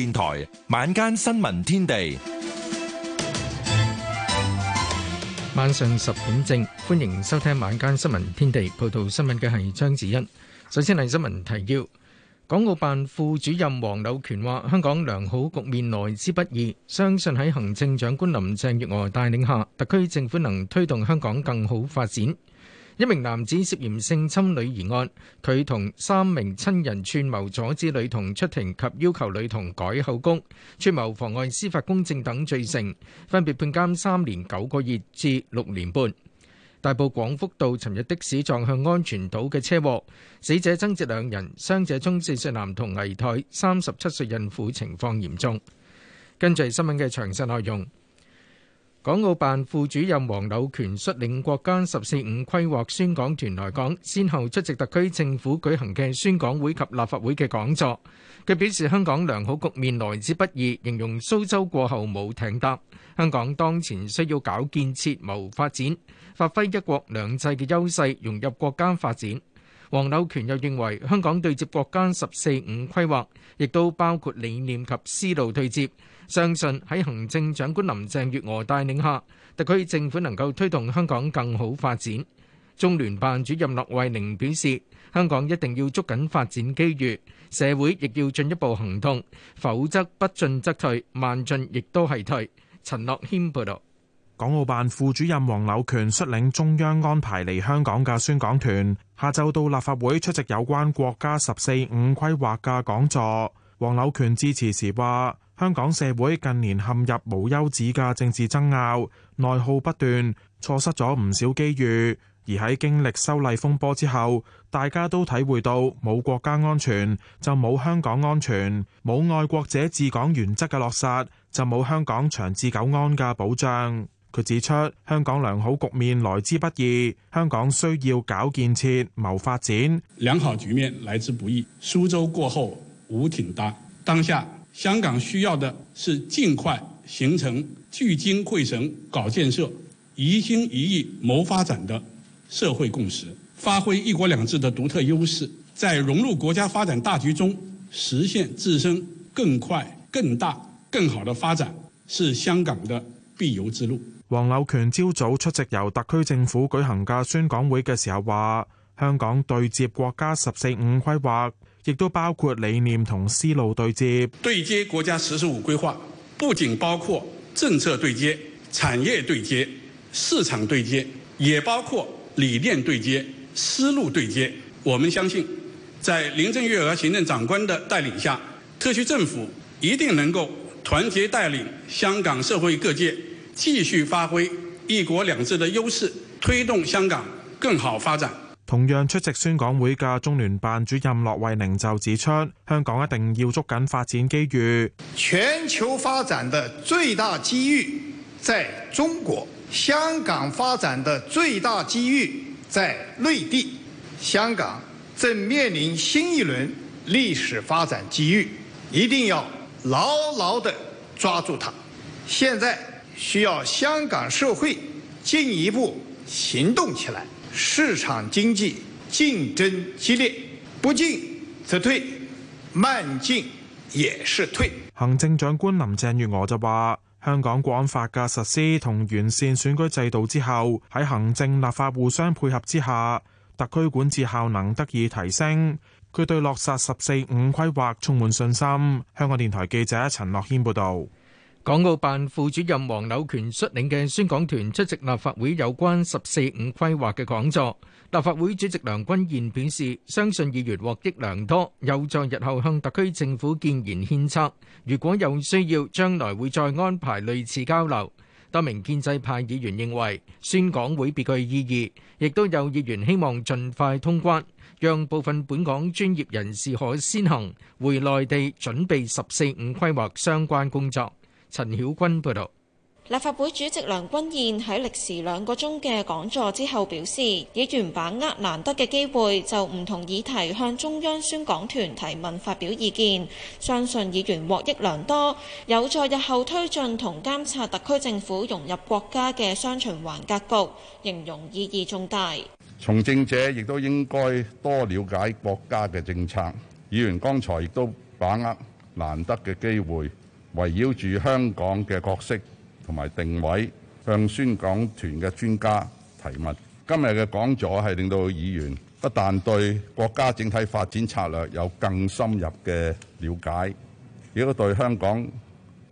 電台晚間新聞天地，晚上十點正，歡迎收聽晚間新聞天地。報道新聞嘅係張子欣。首先係新聞提要。港澳辦副主任黃柳權話，香港良好局面來之不易，相信喺行政長官林鄭月娥帶領下，特區政府能推動香港更好發展。一名男子涉嫌性侵女兒案，佢同三名親人串謀阻止女童出庭及要求女童改口供，串謀妨礙司法公正等罪成，分別判監三年九個月至六年半。大埔廣福道尋日的士撞向安全島嘅車禍，死者增至兩人，傷者中四歲男童危殆，三十七歲孕婦情況嚴重。跟住係新聞嘅詳細內容。港澳辦副主任黃柳權率領國家十四五規劃宣講團來港，先後出席特區政府舉行嘅宣講會及立法會嘅講座。佢表示香港良好局面來之不易，形容蘇州過後冇艇搭。香港當前需要搞建設謀發展，發揮一國兩制嘅優勢，融入國家發展。黃柳權又認為，香港對接國家十四五規劃，亦都包括理念及思路對接。相信喺行政長官林鄭月娥帶領下，特區政府能夠推動香港更好發展。中聯辦主任駱惠寧表示，香港一定要捉緊發展機遇，社會亦要進一步行動，否則不進則退，慢進亦都係退。陳樂謙報道。港澳辦副主任黃柳權率領中央安排嚟香港嘅宣講團，下晝到立法會出席有關國家十四五規劃嘅講座。黃柳權致辭時話：香港社會近年陷入無休止嘅政治爭拗，內耗不斷，錯失咗唔少機遇。而喺經歷修例風波之後，大家都體會到冇國家安全就冇香港安全，冇愛國者治港原則嘅落實，就冇香港長治久安嘅保障。佢指出，香港良好局面來之不易，香港需要搞建設、謀發展。良好局面來之不易。蘇州過後無艇搭，當下香港需要的是盡快形成聚精會神搞建設、一心一意謀發展的社會共識，發揮一國兩制的獨特優勢，在融入國家發展大局中實現自身更快、更大、更好的發展，是香港的必由之路。黃柳權朝早出席由特區政府舉行嘅宣講會嘅時候，話香港對接國家十四五規劃，亦都包括理念同思路對接。對接國家十四五規劃，不僅包括政策對接、產業對接、市場對接，也包括理念對接、思路對接。我們相信，在林鄭月娥行政長官的帶領下，特區政府一定能夠團結帶領香港社會各界。繼續發揮一國兩制的優勢，推動香港更好發展。同樣出席宣講會嘅中聯辦主任駱惠寧就指出，香港一定要捉緊發展機遇。全球發展的最大機遇在中國，香港發展的最大機遇在內地。香港正面臨新一輪歷史發展機遇，一定要牢牢地抓住它。現在。需要香港社會進一步行動起來。市場經濟競爭激烈，不進則退，慢進也是退。行政長官林鄭月娥就話：香港國安法嘅實施同完善選舉制度之後，喺行政立法互相配合之下，特區管治效能得以提升。佢對落實十四五規劃充滿信心。香港電台記者陳樂軒報道。港澳辦副主任黃柳權率領嘅宣講團出席立法會有關十四五規劃嘅講座。立法會主席梁君彥表示，相信議員獲益良多，有助日後向特區政府建言獻策。如果有需要，將來會再安排類似交流。多名建制派議員認為，宣講會別具意義，亦都有議員希望盡快通關，讓部分本港專業人士可先行回內地準備十四五規劃相關工作。陳曉君報道，立法會主席梁君彥喺歷時兩個鐘嘅講座之後表示，議員把握難得嘅機會，就唔同議題向中央宣講團提問發表意見，相信議員獲益良多，有助日後推進同監察特區政府融入國家嘅雙循環格局，形容意義重大。從政者亦都應該多了解國家嘅政策，議員剛才亦都把握難得嘅機會。圍繞住香港嘅角色同埋定位，向宣講團嘅專家提問。今日嘅講座係令到議員不但對國家整體發展策略有更深入嘅了解，亦都對香港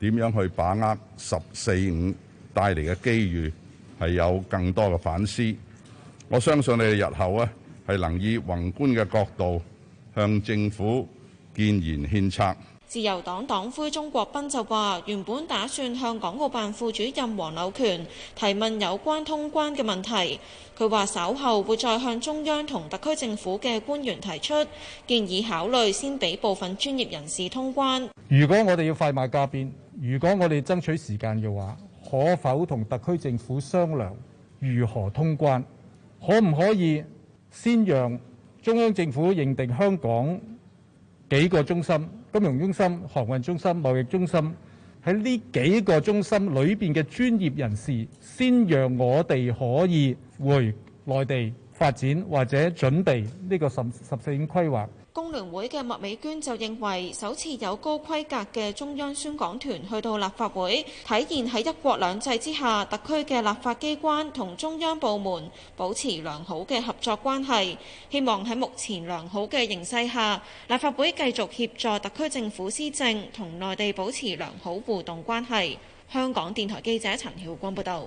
點樣去把握十四五帶嚟嘅機遇係有更多嘅反思。我相信你哋日後呀，係能以宏觀嘅角度向政府建言獻策。自由黨黨魁鍾國斌就話：原本打算向港澳辦副主任黃柳權提問有關通關嘅問題。佢話稍後會再向中央同特區政府嘅官員提出建議，考慮先俾部分專業人士通關。如果我哋要快馬加鞭，如果我哋爭取時間嘅話，可否同特區政府商量如何通關？可唔可以先讓中央政府認定香港幾個中心？金融中心、航運中心、貿易中心，喺呢幾個中心裏邊嘅專業人士，先讓我哋可以回內地發展或者準備呢個十十四五規劃。工聯會嘅麥美娟就認為，首次有高規格嘅中央宣講團去到立法會，體現喺一國兩制之下，特區嘅立法機關同中央部門保持良好嘅合作關係。希望喺目前良好嘅形勢下，立法會繼續協助特區政府施政，同內地保持良好互動關係。香港電台記者陳曉光報道。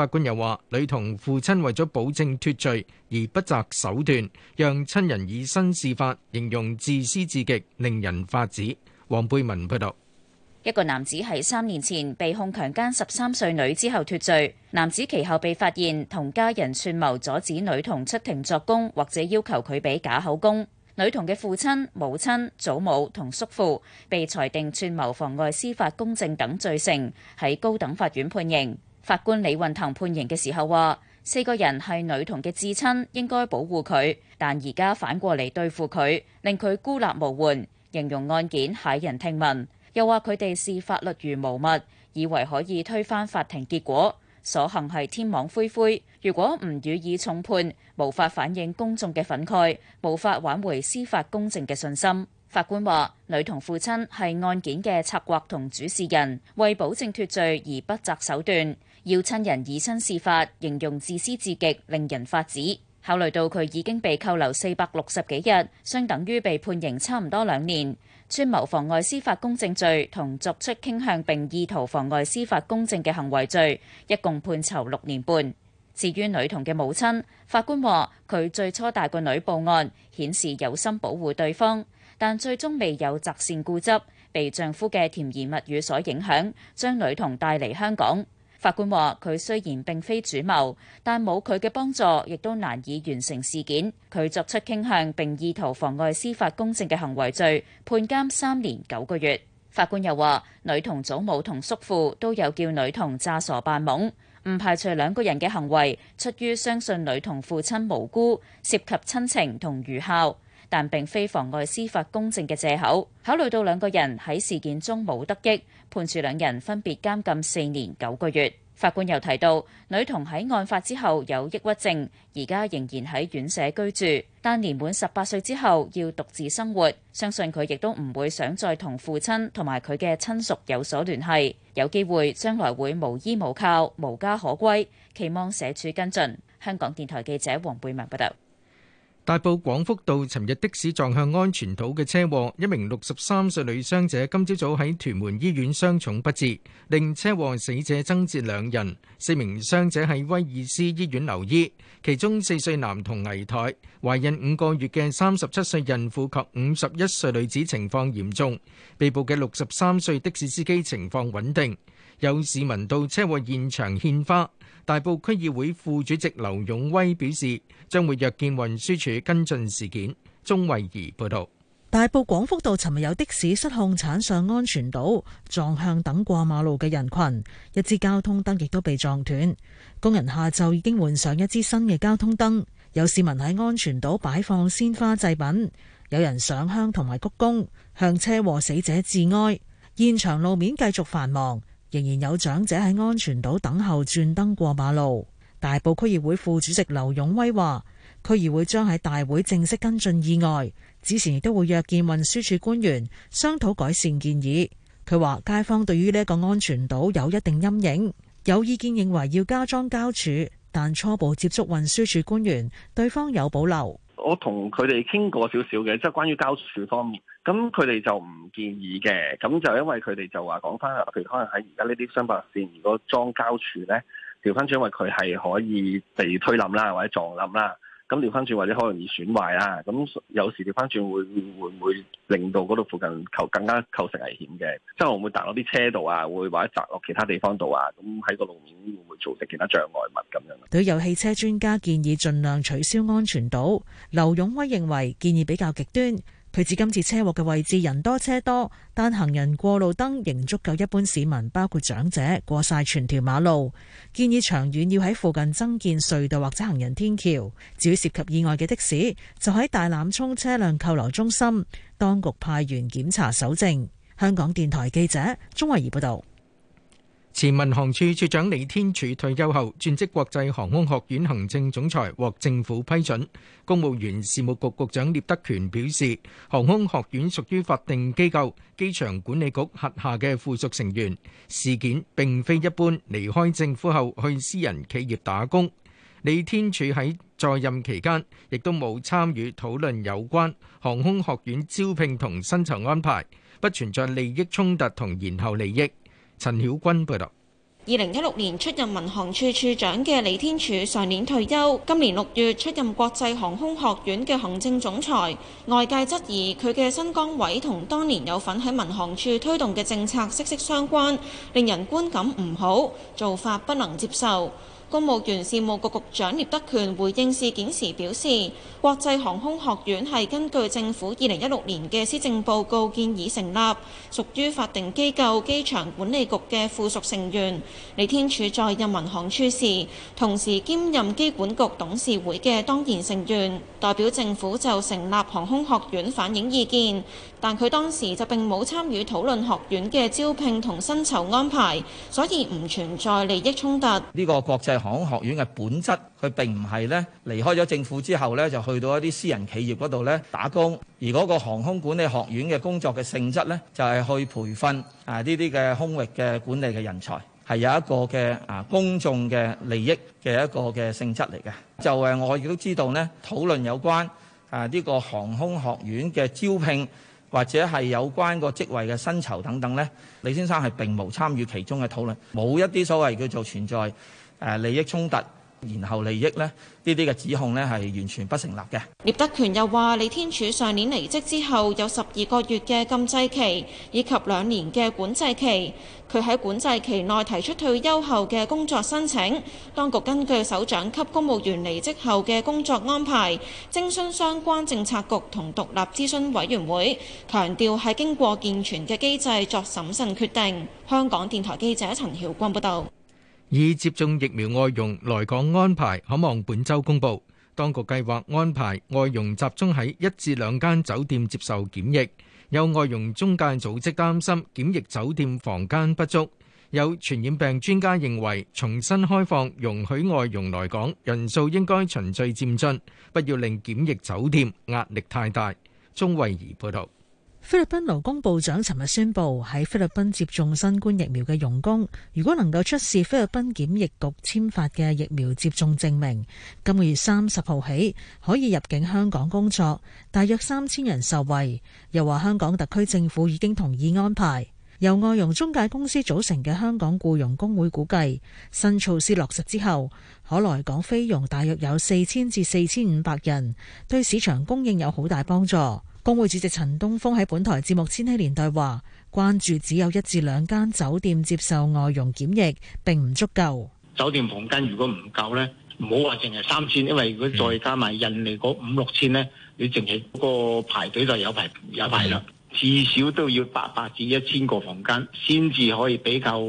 法官又話：女童父親為咗保證脱罪而不擇手段，讓親人以身試法，形容自私至極，令人髮指。黃貝文報道，一個男子喺三年前被控強姦十三歲女之後脱罪，男子其後被發現同家人串謀阻止女童出庭作供，或者要求佢俾假口供。女童嘅父親、母親、祖母同叔父被裁定串謀妨礙司法公正等罪成，喺高等法院判刑。法官李運騰判刑嘅時候話：四個人係女童嘅至親，應該保護佢，但而家反過嚟對付佢，令佢孤立無援，形容案件駭人聽聞。又話佢哋視法律如無物，以為可以推翻法庭結果，所幸係天網恢恢。如果唔予以重判，無法反映公眾嘅憤慨，無法挽回司法公正嘅信心。法官話：女童父親係案件嘅策劃同主事人，為保證脱罪而不擇手段。要親人以身試法，形容自私至極令人發指。考慮到佢已經被扣留四百六十幾日，相等於被判刑差唔多兩年，串謀妨礙司法公正罪同作出傾向並意圖妨礙司法公正嘅行為罪，一共判囚六年半。至於女童嘅母親法官話，佢最初帶個女報案，顯示有心保護對方，但最終未有擇善固執，被丈夫嘅甜言蜜語所影響，將女童帶嚟香港。法官話：佢雖然並非主謀，但冇佢嘅幫助，亦都難以完成事件。佢作出傾向並意圖妨礙司法公正嘅行為罪，判監三年九個月。法官又話：女童祖母同叔父都有叫女童詐傻扮懵，唔排除兩個人嘅行為出於相信女童父親無辜，涉及親情同愚孝，但並非妨礙司法公正嘅借口。考慮到兩個人喺事件中冇得益。判處兩人分別監禁四年九個月。法官又提到，女童喺案發之後有抑鬱症，而家仍然喺院舍居住，但年滿十八歲之後要獨自生活，相信佢亦都唔會想再同父親同埋佢嘅親屬有所聯繫，有機會將來會無依無靠、無家可歸，期望社署跟進。香港電台記者黃貝文報道。大埔廣福道，尋日的士撞向安全島嘅車禍，一名六十三歲女傷者今朝早喺屯門醫院傷重不治，令車禍死者增至兩人。四名傷者喺威爾斯醫院留醫，其中四歲男童危殆，懷孕五個月嘅三十七歲孕婦及五十一歲女子情況嚴重。被捕嘅六十三歲的士司機情況穩定。有市民到車禍現場獻花。大埔區議會副主席劉勇威表示，將會約見運輸署跟進事件。鍾慧儀報導，大埔廣福道尋日有的士失控鏟上安全島，撞向等過馬路嘅人群，一支交通燈亦都被撞斷。工人下晝已經換上一支新嘅交通燈。有市民喺安全島擺放鮮花祭品，有人上香同埋鞠躬，向車禍死者致哀。現場路面繼續繁忙。仍然有長者喺安全島等候轉燈過馬路。大埔區議會副主席劉勇威話，區議會將喺大會正式跟進意外，之前亦都會約見運輸署官員，商討改善建議。佢話，街坊對於呢個安全島有一定陰影，有意見認為要加裝膠柱，但初步接觸運輸署官員，對方有保留。我同佢哋傾過少少嘅，即係關於膠柱方面，咁佢哋就唔建議嘅，咁就因為佢哋就話講翻，譬如可能喺而家呢啲雙白線，如果裝膠柱咧，調翻轉，因為佢係可以被推冧啦，或者撞冧啦。咁掉翻轉，或者可能易損壞啦。咁有時掉翻轉會會會令到嗰度附近構更加構成危險嘅，即係我唔會彈落啲車度啊，會或者砸落其他地方度啊，咁喺個路面會唔會造成其他障礙物咁樣？對。有汽車專家建議盡量取消安全島。劉勇威認為建議比較極端。佢指今次車禍嘅位置，人多車多，但行人過路燈仍足夠一般市民，包括長者過晒全條馬路。建議長遠要喺附近增建隧道或者行人天橋，至於涉及意外嘅的，的士，就喺大欖涌車輛扣留中心，當局派員檢查搜證，香港電台記者鍾慧儀報道。前民航處處長李天柱退休後轉職國際航空學院行政總裁，獲政府批准。公務員事務局局長聶德權表示，航空學院屬於法定機構、機場管理局轄下嘅附屬成員。事件並非一般，離開政府後去私人企業打工。李天柱喺在任期間，亦都冇參與討論有關航空學院招聘同薪酬安排，不存在利益衝突同延後利益。陳曉君報道：二零一六年出任民航處處長嘅李天柱上年退休，今年六月出任國際航空學院嘅行政總裁。外界質疑佢嘅新崗位同當年有份喺民航處推動嘅政策息息相關，令人觀感唔好，做法不能接受。公務員事務局局長聶德權回應事件時表示，國際航空學院係根據政府2016年嘅施政報告建議成立，屬於法定機構機場管理局嘅附屬成員。李天柱在任民航處時，同時兼任機管局董事會嘅當然成員，代表政府就成立航空學院反映意見，但佢當時就並冇參與討論學院嘅招聘同薪酬安排，所以唔存在利益衝突。呢個國際航空學院嘅本質，佢並唔係咧離開咗政府之後咧，就去到一啲私人企業嗰度咧打工。而嗰個航空管理學院嘅工作嘅性質咧，就係去培訓啊呢啲嘅空域嘅管理嘅人才，係有一個嘅啊公眾嘅利益嘅一個嘅性質嚟嘅。就係我亦都知道咧，討論有關啊呢個航空學院嘅招聘或者係有關個職位嘅薪酬等等咧，李先生係並無參與其中嘅討論，冇一啲所謂叫做存在。誒利益衝突，然後利益呢？呢啲嘅指控呢，係完全不成立嘅。聶德權又話：李天柱上年離職之後，有十二個月嘅禁制期，以及兩年嘅管制期。佢喺管制期內提出退休後嘅工作申請，當局根據首長級公務員離職後嘅工作安排，徵詢相關政策局同獨立諮詢委員會，強調係經過健全嘅機制作審慎決定。香港電台記者陳曉光報道。以接種疫苗外傭來港安排，可望本周公布。當局計劃安排外傭集中喺一至兩間酒店接受檢疫。有外傭中介組織擔心檢疫酒店房間不足。有傳染病專家認為，重新開放容許外傭來港人數應該循序漸進，不要令檢疫酒店壓力太大。鐘慧怡報道。菲律賓勞工部長尋日宣布，喺菲律賓接種新冠疫苗嘅傭工，如果能夠出示菲律賓檢疫局簽發嘅疫苗接種證明，今個月三十號起可以入境香港工作，大約三千人受惠。又話香港特區政府已經同意安排。由外傭中介公司組成嘅香港僱傭工會估計，新措施落實之後，可來港菲傭大約有四千至四千五百人，對市場供應有好大幫助。工會主席陳東峰喺本台節目《千禧年代》話，關注只有一至兩間酒店接受外傭檢疫，並唔足夠。酒店房間如果唔夠呢，唔好話淨係三千，3, 000，因為如果再加埋印尼嗰五六千呢，你淨係嗰個排隊就有排有排啦。的至少都要八百至一千個房間，先至可以比較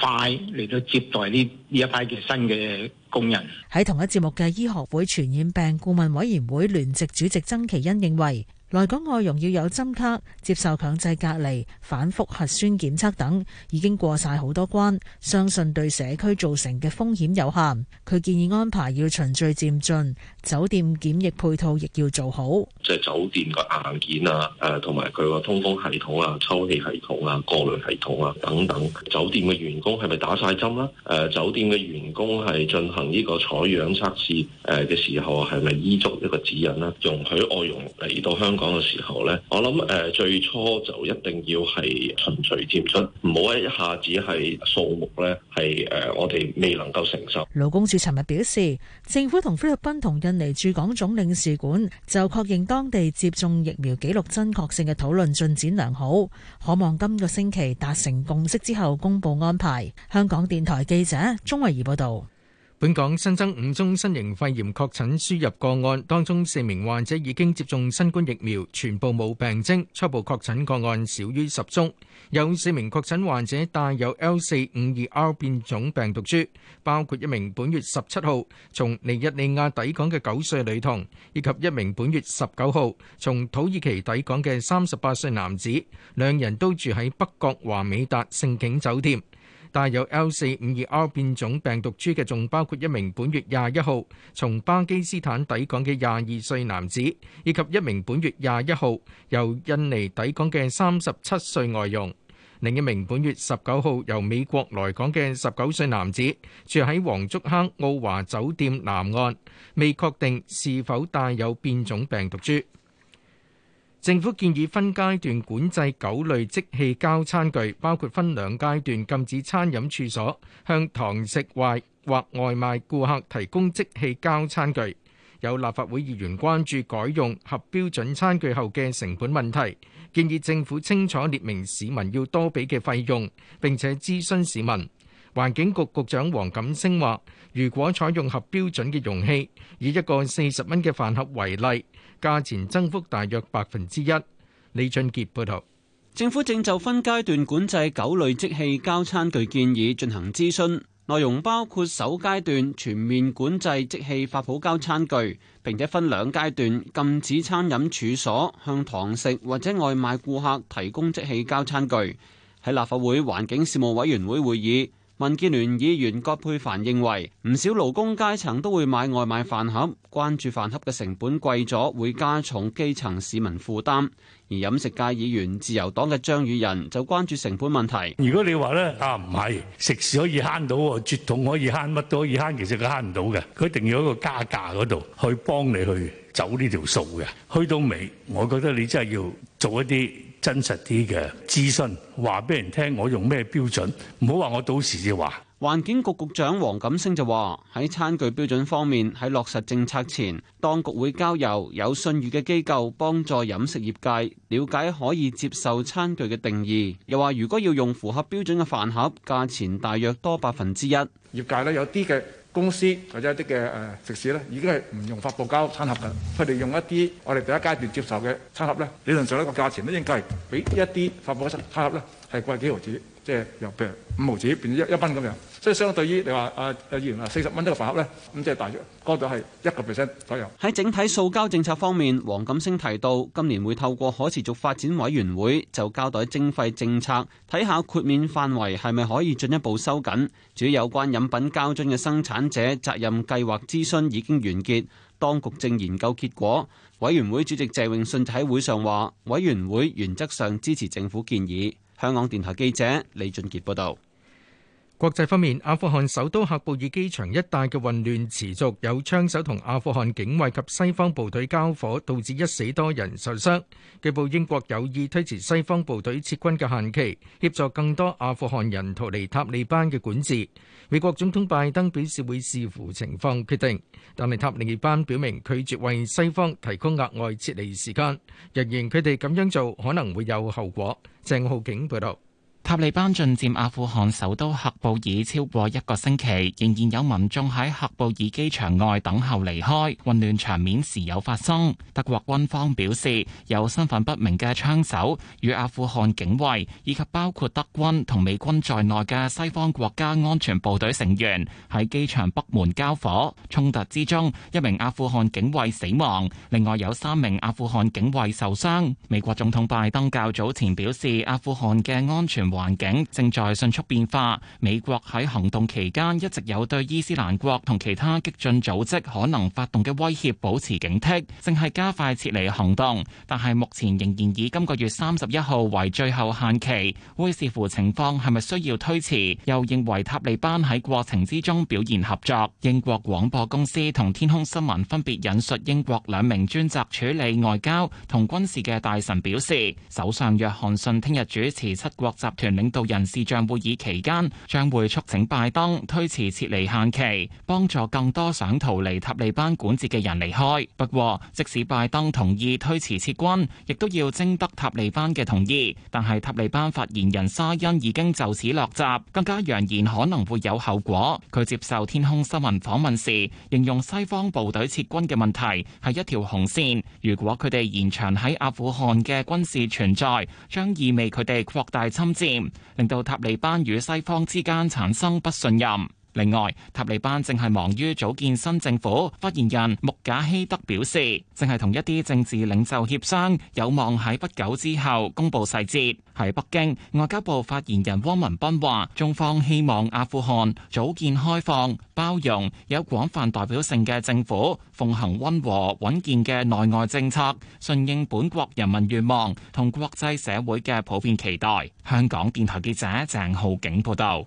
快嚟到，接待呢呢一批嘅新嘅工人。喺同一節目嘅醫學會傳染病顧問委員會聯席主席曾奇恩認為。來港外傭要有針卡、接受強制隔離、反覆核酸檢測等，已經過晒好多關，相信對社區造成嘅風險有限。佢建議安排要循序漸進，酒店檢疫配套亦要做好。即係酒店個硬件啊，誒同埋佢個通風系統啊、抽氣系統啊、過濾系統啊等等，酒店嘅員工係咪打晒針啦？誒，酒店嘅員工係進行呢個採樣測試誒嘅時候係咪依足一個指引啦？容許外傭嚟到香港，嗰個時候呢，我諗誒最初就一定要係循序漸進，唔好一下子係數目呢係誒我哋未能夠承受。勞工處尋日表示，政府同菲律賓同印尼駐港總領事館就確認當地接種疫苗記錄真確性嘅討論進展良好，可望今個星期達成共識之後公佈安排。香港電台記者鍾慧儀報道。本港新增五宗新型肺炎確診輸入個案，當中四名患者已經接種新冠疫苗，全部冇病徵。初步確診個案少於十宗，有四名確診患者帶有 L 四五二 R 變種病毒株，包括一名本月十七號從尼日利亞抵港嘅九歲女童，以及一名本月十九號從土耳其抵港嘅三十八歲男子，兩人都住喺北角華美達盛景酒店。帶有 L 四五二 R 變種病毒株嘅，仲包括一名本月廿一號從巴基斯坦抵港嘅廿二歲男子，以及一名本月廿一號由印尼抵港嘅三十七歲外傭，另一名本月十九號由美國來港嘅十九歲男子，住喺黃竹坑奧華酒店南岸，未確定是否帶有變種病毒株。政府建議分階段管制九類即棄膠餐具，包括分兩階段禁止餐飲處所向堂食外或外賣顧客提供即棄膠餐具。有立法會議員關注改用合標準餐具後嘅成本問題，建議政府清楚列明市民要多畀嘅費用，並且諮詢市民。環境局局長黃錦星話：如果採用合標準嘅容器，以一個四十蚊嘅飯盒為例，價錢增幅大約百分之一。李俊傑報道，政府正就分階段管制九類即棄膠餐具建議進行諮詢，內容包括首階段全面管制即棄發泡膠餐具，並且分兩階段禁止餐飲處所向堂食或者外賣顧客提供即棄膠餐具。喺立法會環境事務委員會會議，民建聯議員葛珮帆認為，唔少勞工階層都會買外賣飯盒，關注飯盒嘅成本貴咗會加重基層市民負擔。而飲食界議員、自由黨嘅張宇人就關注成本問題。如果你話咧啊，唔係，食肆可以慳到，絕統可以慳乜都可以慳，其實佢慳唔到嘅，佢一定要一個加價嗰度去幫你去走呢條數嘅。去到尾，我覺得你真係要做一啲。真實啲嘅資訊話俾人聽，我用咩標準？唔好話我到時就話。環境局局長黃錦星就話：喺餐具標準方面，喺落實政策前，當局會交由有信譽嘅機構幫助飲食業界了解可以接受餐具嘅定義。又話如果要用符合標準嘅飯盒，價錢大約多百分之一。業界呢有啲嘅。公司或者一啲嘅誒食肆咧，已經係唔用發泡膠餐盒嘅，佢哋用一啲我哋第一階段接受嘅餐盒咧，理論上一個價錢都應該係俾一啲發泡膠嘅餐盒啦。係貴幾毫子，即係由五毫子變咗一一蚊咁樣，所以相對於你話啊啊，議員四十蚊一個飯盒咧，咁即係大約高咗係一個 percent 左右。喺整體塑膠政策方面，黃錦星提到今年會透過可持續發展委員會就交代徵費政策，睇下豁免範圍係咪可以進一步收緊。至於有關飲品膠樽嘅生產者責任計劃諮詢已經完結，當局正研究結果。委員會主席謝永信就喺會上話，委員會原則上支持政府建議。香港電台記者李俊杰報道。國際方面，阿富汗首都喀布爾機場一帶嘅混亂持續，有槍手同阿富汗警衛及西方部隊交火，導致一死多人受傷。據報英國有意推遲西方部隊撤軍嘅限期，協助更多阿富汗人逃離塔利班嘅管治。美國總統拜登表示會視乎情況決定，但係塔利班表明拒絕為西方提供額外撤離時間，若然佢哋咁樣做可能會有後果。鄭浩景報道。塔利班進佔阿富汗首都喀布爾超過一個星期，仍然有民眾喺喀布爾機場外等候離開，混亂場面時有發生。德國軍方表示，有身份不明嘅槍手與阿富汗警衛以及包括德軍同美軍在內嘅西方國家安全部隊成員喺機場北門交火，衝突之中一名阿富汗警衛死亡，另外有三名阿富汗警衛受傷。美國總統拜登較早前表示，阿富汗嘅安全環境正在迅速變化，美國喺行動期間一直有對伊斯蘭國同其他激進組織可能發動嘅威脅保持警惕，正係加快撤離行動。但係目前仍然以今個月三十一號為最後限期，會視乎情況係咪需要推遲。又認為塔利班喺過程之中表現合作。英國廣播公司同天空新聞分別引述英國兩名專責處理外交同軍事嘅大臣表示，首相約翰遜聽日主持七國集團。團領導人視像會議期間將會促請拜登推遲撤離限期，幫助更多想逃離塔利班管治嘅人離開。不過，即使拜登同意推遲撤軍，亦都要徵得塔利班嘅同意。但係塔利班發言人沙欣已經就此落閘，更加揚言可能會有後果。佢接受天空新聞訪問時，形容西方部隊撤軍嘅問題係一條紅線，如果佢哋延長喺阿富汗嘅軍事存在，將意味佢哋擴大侵佔。令到塔利班與西方之間產生不信任。另外，塔利班正係忙於組建新政府。發言人穆賈希德表示，正係同一啲政治領袖協商，有望喺不久之後公佈細節。喺北京，外交部發言人汪文斌話中方希望阿富汗組建開放、包容、有廣泛代表性嘅政府，奉行温和、穩健嘅內外政策，順應本國人民願望同國際社會嘅普遍期待。香港電台記者鄭浩景報道。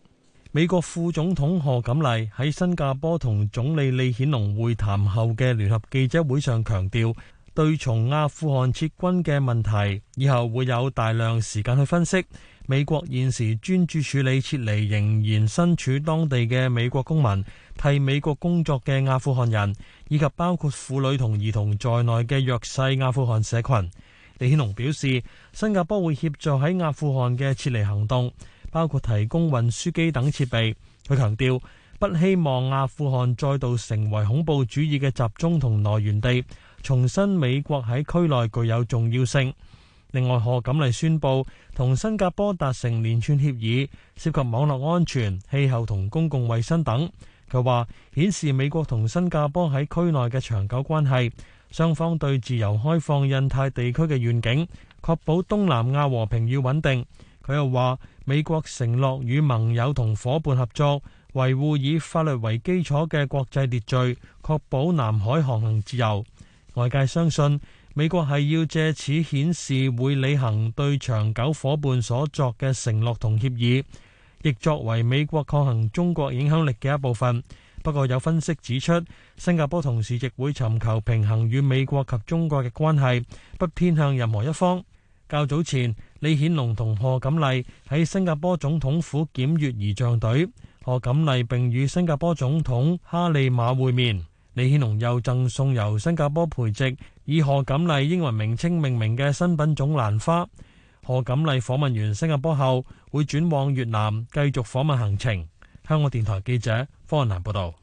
美國副總統賀錦麗喺新加坡同總理李顯龍會談後嘅聯合記者會上強調，對從阿富汗撤軍嘅問題，以後會有大量時間去分析。美國現時專注處理撤離仍然身處當地嘅美國公民、替美國工作嘅阿富汗人，以及包括婦女同兒童在內嘅弱勢阿富汗社群。李顯龍表示，新加坡會協助喺阿富汗嘅撤離行動。包括提供運輸機等設備。佢強調，不希望阿富汗再度成為恐怖主義嘅集中同來源地，重申美國喺區內具有重要性。另外，賀錦麗宣布同新加坡達成連串協議，涉及網絡安全、氣候同公共衛生等。佢話，顯示美國同新加坡喺區內嘅長久關係，雙方對自由開放印太地區嘅願景，確保東南亞和平與穩定。佢又話：美國承諾與盟友同夥伴合作，維護以法律為基礎嘅國際秩序，確保南海航行自由。外界相信美國係要藉此顯示會履行對長久夥伴所作嘅承諾同協議，亦作為美國抗衡中國影響力嘅一部分。不過有分析指出，新加坡同時亦會尋求平衡與美國及中國嘅關係，不偏向任何一方。較早前，李顯龍同賀錦麗喺新加坡總統府檢閱儀仗隊，賀錦麗並與新加坡總統哈莉瑪會面。李顯龍又贈送由新加坡培植以賀錦麗英文名稱命名嘅新品種蘭花。賀錦麗訪問完新加坡後，會轉往越南繼續訪問行程。香港電台記者方運南報道。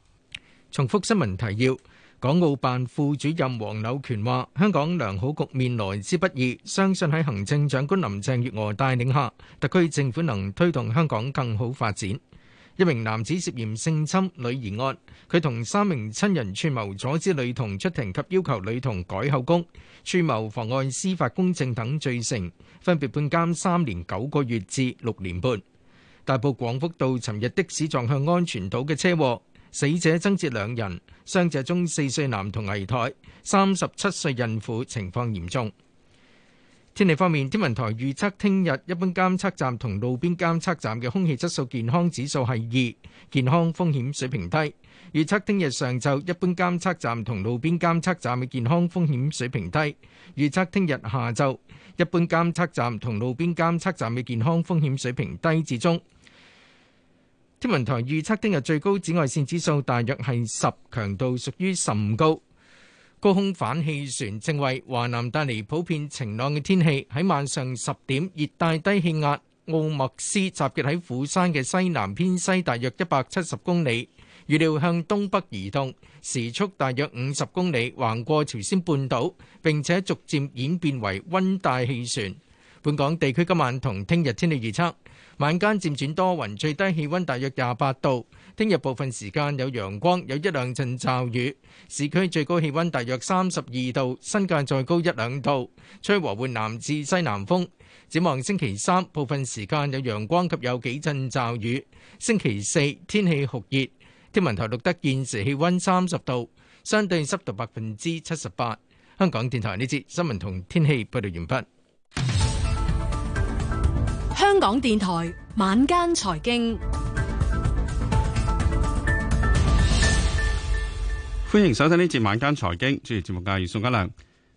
重複新聞提要。港澳辦副主任黃柳權話：香港良好局面來之不易，相信喺行政長官林鄭月娥帶領下，特區政府能推動香港更好發展。一名男子涉嫌性侵女兒案，佢同三名親人串謀阻止女童出庭及要求女童改口供，串謀妨礙司法公正等罪成，分別判監三年九個月至六年半。大埔廣福道尋日的士撞向安全島嘅車禍。死者增至兩人，傷者中四歲男童危殆，三十七歲孕婦情況嚴重。天氣方面，天文台預測聽日一般監測站同路邊監測站嘅空氣質素健康指數係二，健康風險水平低。預測聽日上晝一般監測站同路邊監測站嘅健康風險水平低。預測聽日下晝一般監測站同路邊監測站嘅健康風險水平低至中。天文台預測聽日最高紫外線指數大約係十，強度屬於甚高。高空反氣旋正為華南帶嚟普遍晴朗嘅天氣。喺晚上十點，熱帶低氣壓奧麥斯集結喺釜山嘅西南偏西，大約一百七十公里，預料向東北移動，時速大約五十公里，橫過朝鮮半島，並且逐漸演變為溫帶氣旋。本港地區今晚同聽日天氣預測。晚間漸轉多雲，最低氣溫大約廿八度。聽日部分時間有陽光，有一兩陣驟雨。市區最高氣溫大約三十二度，新界再高一兩度。吹和緩南至西南風。展望星期三，部分時間有陽光及有幾陣驟雨。星期四天氣酷熱。天文台錄得現時氣溫三十度，相對濕度百分之七十八。香港電台呢節新聞同天氣報道完畢。香港電台晚間財經，歡迎收睇呢節晚間財經。主持節目嘅係宋家良。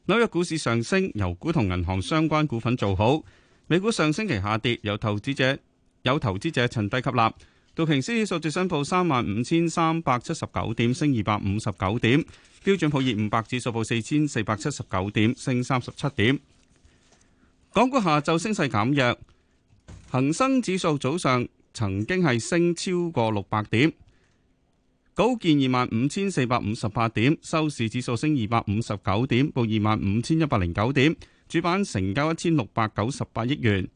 紐約股市上升，油股同銀行相關股份做好。美股上星期下跌，有投資者有投資者趁低吸納。道瓊斯指數升報，三萬五千三百七十九點，升二百五十九點。標準普爾五百指數報四千四百七十九點，升三十七點。港股下晝升勢減弱。恒生指數早上曾經係升超過六百點，高見二萬五千四百五十八點，收市指數升二百五十九點，報二萬五千一百零九點，主板成交一千六百九十八億元。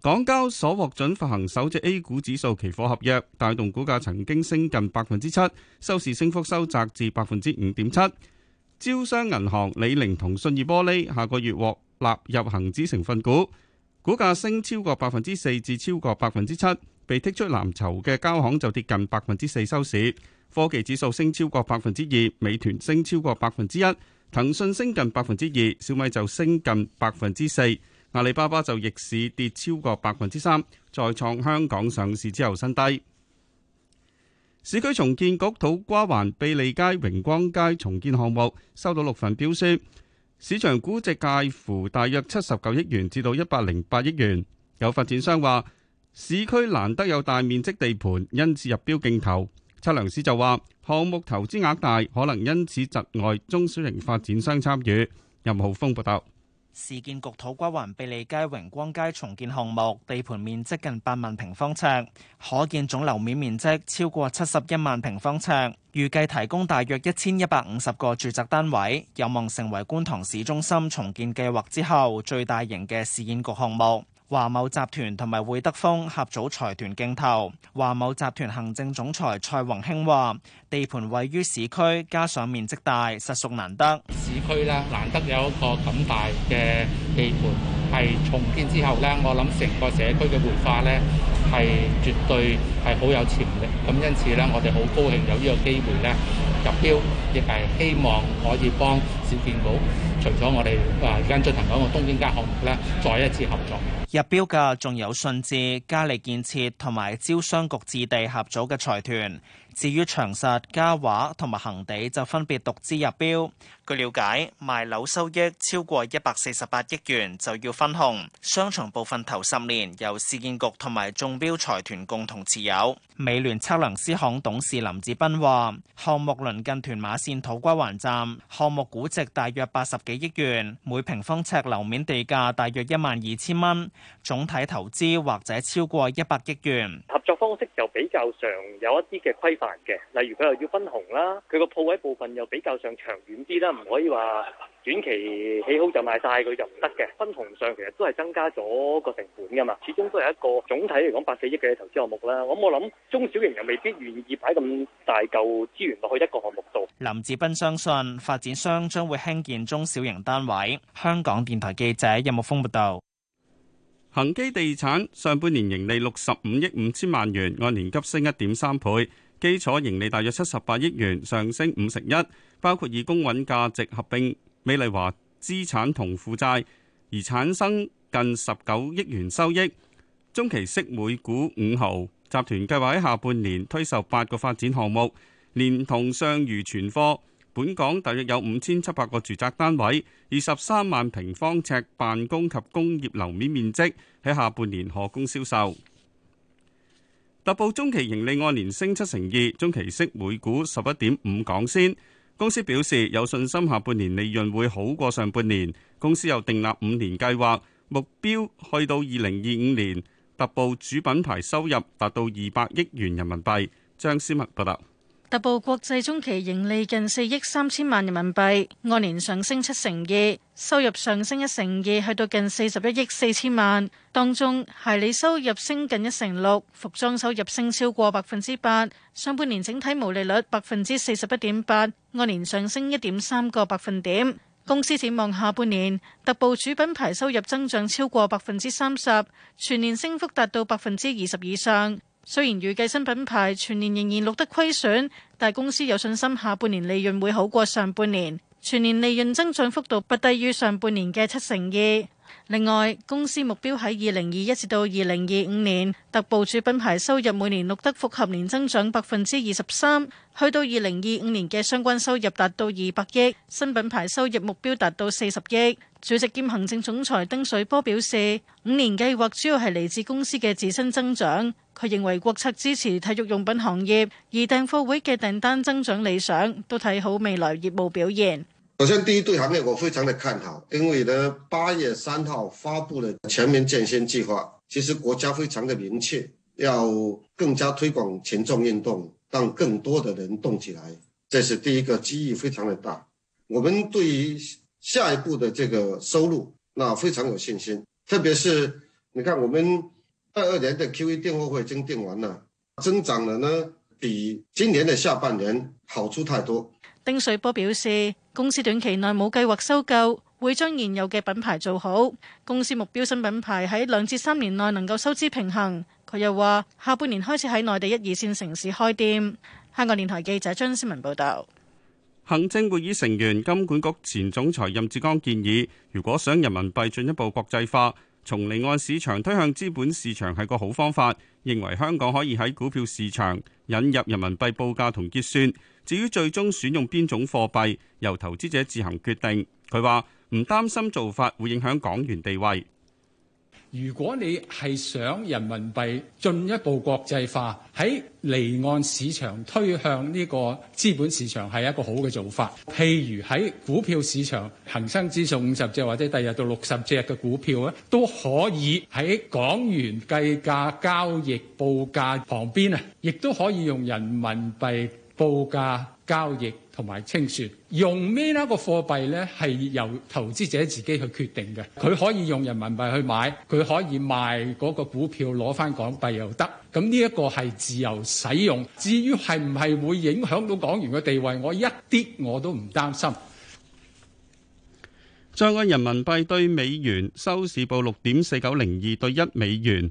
港交所獲准發行首隻 A 股指數期貨合約，帶動股價曾經升近百分之七，收市升幅收窄至百分之五點七。招商銀行、李寧同信義玻璃下個月獲納入恒指成分股。股價升超過百分之四至超過百分之七，被剔出藍籌嘅交行就跌近百分之四收市。科技指數升超過百分之二，美團升超過百分之一，騰訊升近百分之二，小米就升近百分之四，阿里巴巴就逆市跌超過百分之三，再創香港上市之後新低。市區重建局土瓜灣庇利街榮光街重建項目收到六份標書。市場估值介乎大約七十九億元至到一百零八億元。有發展商話，市區難得有大面積地盤，因此入標競投。測量師就話，項目投資額大，可能因此窒礙中小型發展商參與。任浩峰報道。市建局土瓜灣庇利街榮光街重建項目，地盤面積近八萬平方尺，可建總樓面面積超過七十一萬平方尺，預計提供大約一千一百五十個住宅單位，有望成為觀塘市中心重建計劃之後最大型嘅市建局項目。華茂集團同埋會德豐合組財團，競投。華茂集團行政總裁蔡宏興話：地盤位於市區，加上面積大，實屬難得。市區咧，難得有一個咁大嘅地盤，係重建之後呢，我諗成個社區嘅活化呢係絕對係好有潛力。咁因此呢，我哋好高興有呢個機會呢入標，亦係希望可以幫市建局，除咗我哋誒而家進行嗰個東京街項目咧，再一次合作。入標嘅仲有順治、嘉利建設同埋招商局置地合組嘅財團。至於長實、嘉華同埋恒地就分別獨資入標。據了解，賣樓收益超過一百四十八億元就要分紅。商場部分頭十年，由市建局同埋中標財團共同持有。美聯測量師行董事林志斌話：項目鄰近屯馬線土瓜灣站，項目估值大約八十幾億元，每平方尺樓面地價大約一萬二千蚊，總體投資或者超過一百億元。合作方式就比較常有一啲嘅規。嘅，例如佢又要分紅啦，佢個鋪位部分又比較上長遠啲啦，唔可以話短期起好就賣晒佢就唔得嘅，分紅上其實都係增加咗個成本噶嘛，始終都係一個總體嚟講八四億嘅投資項目啦。我冇諗中小型又未必願意擺咁大舊資源落去一個項目度。林志斌相信發展商將會興建中小型單位。香港電台記者任木峯報道。恒基地產上半年盈利六十五億五千萬元，按年急升一點三倍。基礎盈利大約七十八億元，上升五成一，包括以公允價值合併美麗華資產同負債，而產生近十九億元收益。中期息每股五毫。集團計劃喺下半年推售八個發展項目，連同上餘存貨。本港大約有五千七百個住宅單位，以十三萬平方尺辦公及工業樓面面積喺下半年可供銷售。特步中期盈利按年升七成二，中期息每股十一點五港仙。公司表示有信心下半年利潤會好過上半年。公司又訂立五年計劃，目標去到二零二五年，特步主品牌收入達到二百億元人民幣。張思墨報道。特步國際中期盈利近四億三千萬人民幣，按年上升七成二，收入上升一成二，去到近四十一億四千萬。當中鞋履收入升近一成六，服裝收入升超過百分之八。上半年整體毛利率百分之四十一點八，按年上升一點三個百分點。公司展望下半年，特步主品牌收入增長超過百分之三十，全年升幅達到百分之二十以上。雖然預計新品牌全年仍然錄得虧損，但公司有信心下半年利潤會好過上半年，全年利潤增長幅度不低於上半年嘅七成二。另外，公司目標喺二零二一至到二零二五年，特步主品牌收入每年錄得複合年增長百分之二十三，去到二零二五年嘅相關收入達到二百億，新品牌收入目標達到四十億。主席兼行政總裁丁水波表示，五年計劃主要係嚟自公司嘅自身增長。佢認為國策支持體育用品行業，而訂貨會嘅訂單增長理想，都睇好未來業務表現。首先，第一對行業我非常的看好，因為呢八月三號發佈了全民健身計劃，其實國家非常的明確，要更加推廣群眾運動，讓更多的人動起來，這是第一個機遇非常的大。我們對於下一步的這個收入，那非常有信心，特別是你看我們二二年的 Q 一訂貨會已經訂完了，增長了呢比今年的下半年好處太多。丁瑞波表示，公司短期內冇計劃收購，會將現有嘅品牌做好。公司目標新品牌喺兩至三年內能夠收支平衡。佢又話，下半年開始喺內地一二線城市開店。香港電台記者張思文報道。行政會議成員金管局前總裁任志剛建議，如果想人民幣進一步國際化，從離岸市場推向資本市場係個好方法。認為香港可以喺股票市場引入人民幣報價同結算。至於最終選用邊種貨幣，由投資者自行決定。佢話唔擔心做法會影響港元地位。如果你係想人民幣進一步國際化，喺離岸市場推向呢個資本市場係一個好嘅做法。譬如喺股票市場，恒生指數五十隻或者第日到六十隻嘅股票咧，都可以喺港元計價交易報價旁邊啊，亦都可以用人民幣。報價交易同埋清算用咩一個貨幣呢，係由投資者自己去決定嘅。佢可以用人民幣去買，佢可以賣嗰個股票攞翻港幣又得。咁呢一個係自由使用。至於係唔係會影響到港元嘅地位，我一啲我都唔擔心。在岸人民幣對美元收市報六點四九零二對一美元，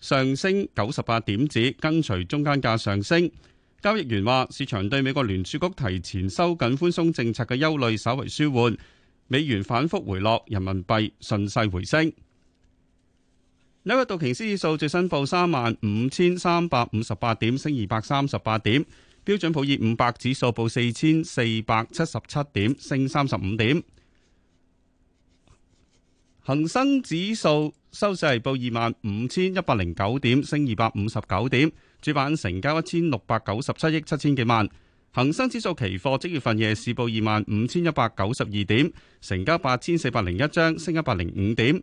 上升九十八點子，跟隨中間價上升。交易員話，市場對美國聯儲局提前收緊寬鬆政策嘅憂慮稍為舒緩，美元反覆回落，人民幣順勢回升。紐約道瓊斯指數最新報三萬五千三百五十八點，升二百三十八點；標準普爾五百指數報四千四百七十七點，升三十五點；恒生指數。收市係報二萬五千一百零九點，升二百五十九點，主板成交一千六百九十七億七千幾萬。恒生指數期貨即月份夜市報二萬五千一百九十二點，成交八千四百零一張，升一百零五點。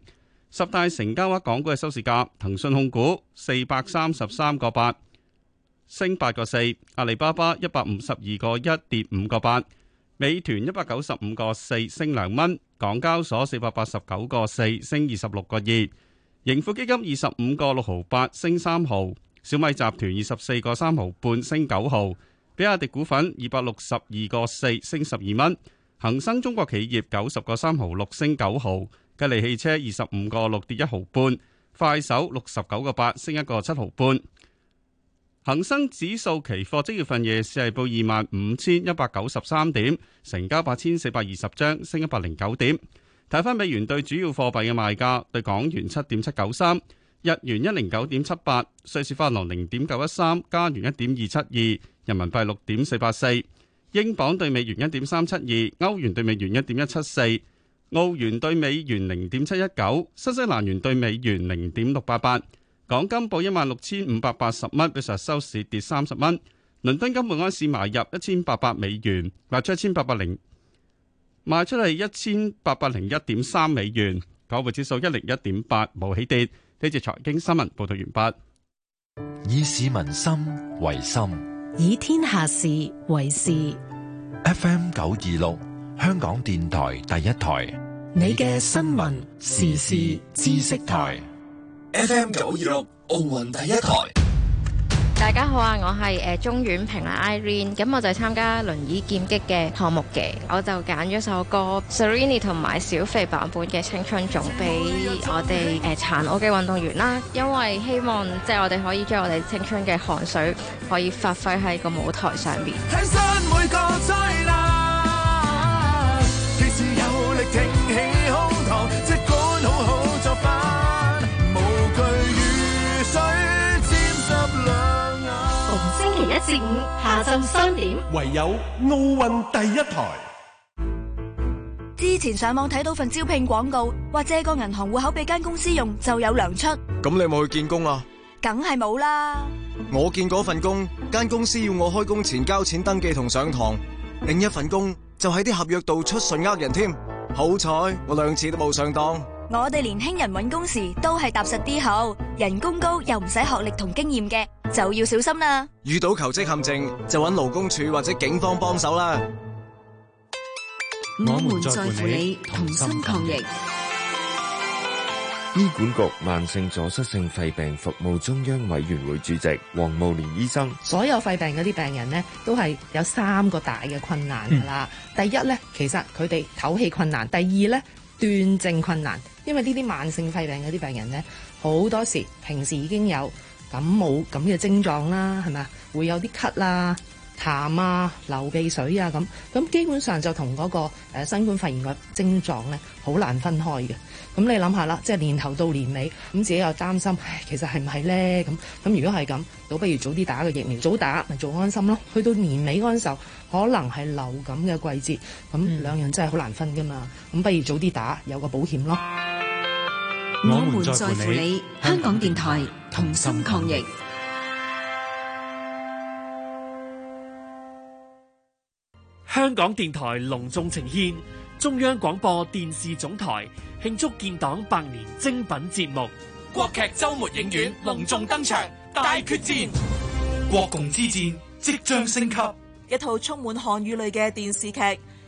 十大成交額港股嘅收市價，騰訊控股四百三十三個八，升八個四；阿里巴巴一百五十二個一，跌五個八。美團一百九十五個四升兩蚊，港交所四百八十九個四升二十六個二，盈富基金二十五個六毫八升三毫，小米集團二十四個三毫半升九毫，比亞迪股份二百六十二個四升十二蚊，恒生中國企業九十個三毫六升九毫，吉利汽車二十五個六跌一毫半，快手六十九個八升一個七毫半。恒生指數期貨即月份夜市係報二萬五千一百九十三點，成交八千四百二十張，升一百零九點。睇返美元兌主要貨幣嘅賣價，兌港元七點七九三，日元一零九點七八，瑞士法郎零點九一三，加元一點二七二，人民幣六點四八四，英鎊兌美元一點三七二，歐元兌美元一點一七四，澳元兌美元零點七一九，新西蘭元兌美元零點六八八。港金報一萬六千五百八十蚊，比上日收市跌三十蚊。倫敦金每盎司買入一千八百美元，賣出一千八百零，賣出嚟，一千八百零一點三美元。九號指數一零一點八，冇起跌。呢節財經新聞報道完畢。以市民心為心，以天下事為事。F.M. 九二六，香港電台第一台，你嘅新聞時事知識台。FM 九二六奧運第一台，大家好啊，我係誒鍾婉萍啊 Irene，咁我就係參加輪椅劍擊嘅項目嘅，我就揀咗首歌 Serenity 同埋小肥版本嘅青春總俾我哋誒殘奧嘅運動員啦，因為希望即係、就是、我哋可以將我哋青春嘅汗水可以發揮喺個舞台上邊。周五下晝三點，唯有奧運第一台。之前上網睇到份招聘廣告，借個銀行戶口俾間公司用，就有糧出。咁你有冇去見工啊？梗係冇啦。我見嗰份工，間公司要我開工前交錢登記同上堂。另一份工就喺啲合約度出信呃人添。好彩我兩次都冇上當。我哋年輕人搵工時都係踏實啲好。人工高又唔使學歷同經驗嘅就要小心啦。遇到求職陷阱就揾勞工處或者警方幫手啦。我們在乎你，同心抗疫。醫管局慢性阻塞性肺病服務中央委員會主席黃慕蓮醫生，所有肺病嗰啲病人呢都係有三個大嘅困難噶啦。第一呢，其實佢哋唞氣困難；第二呢，斷症困難，因為呢啲慢性肺病嗰啲病人呢。好多時平時已經有感冒咁嘅症狀啦，係咪啊？會有啲咳啦、啊、痰啊、流鼻水啊咁，咁基本上就同嗰、嗰個、呃、新冠肺炎嘅症狀咧，好難分開嘅。咁你諗下啦，即係年頭到年尾，咁自己又擔心，其實係唔係咧？咁咁如果係咁，倒不如早啲打個疫苗，早打咪早安心咯。去到年尾嗰陣時候，可能係流感嘅季節，咁、嗯、兩樣真係好難分噶嘛。咁不如早啲打，有個保險咯。我們在乎你，香港電台同心抗疫。香港電台隆重呈現中央廣播電視總台慶祝建黨百年精品節目《國劇周末影院》隆重登場，大決戰，國共之戰即將升級，一套充滿漢語類嘅電視劇。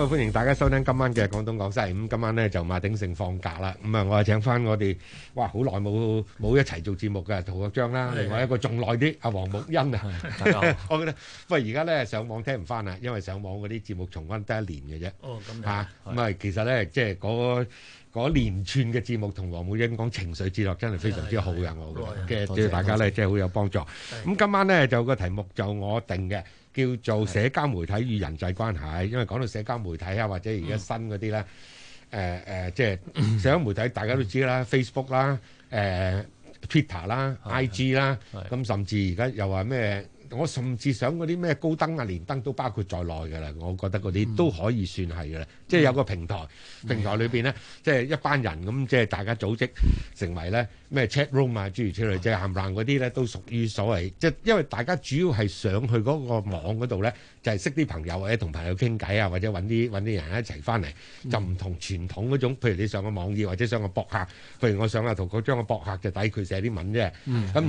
咁歡迎大家收聽今晚嘅講東講西。咁今晚咧就馬鼎盛放假啦。咁啊，我係請翻我哋，哇！好耐冇冇一齊做節目嘅陶國璋啦。另外一個仲耐啲，阿黃木欣啊。我覺得，不過而家咧上網聽唔翻啦，因為上網嗰啲節目重溫得一年嘅啫。哦，咁嚇。咁啊，其實咧即係嗰嗰連串嘅節目同黃木欣講情緒治癒真係非常之好嘅，我覺得嘅對大家咧真係好有幫助。咁今晚咧就有個題目就我定嘅。叫做社交媒體與人際關係，因為講到社交媒體啊，或者而家新嗰啲咧，誒誒、嗯呃呃、即係社交媒體大家都知啦、嗯、，Facebook 啦、呃，誒 Twitter 啦的，IG 啦，咁甚至而家又話咩？我甚至想嗰啲咩高登啊、連登都包括在內嘅啦，我覺得嗰啲都可以算係嘅啦。嗯、即係有個平台，嗯、平台裏邊咧，即係一班人咁，即係大家組織成為咧咩 chat room 啊諸如此類，即係冚 𠾴 唥嗰啲咧，都屬於所謂即係，因為大家主要係上去嗰個網嗰度咧，就係、是、識啲朋友或者同朋友傾偈啊，或者揾啲揾啲人一齊翻嚟，就唔同傳統嗰種，譬如你上個網頁或者上個博客，譬如我上阿圖哥張個博客，就抵佢寫啲文啫，咁。嗯嗯。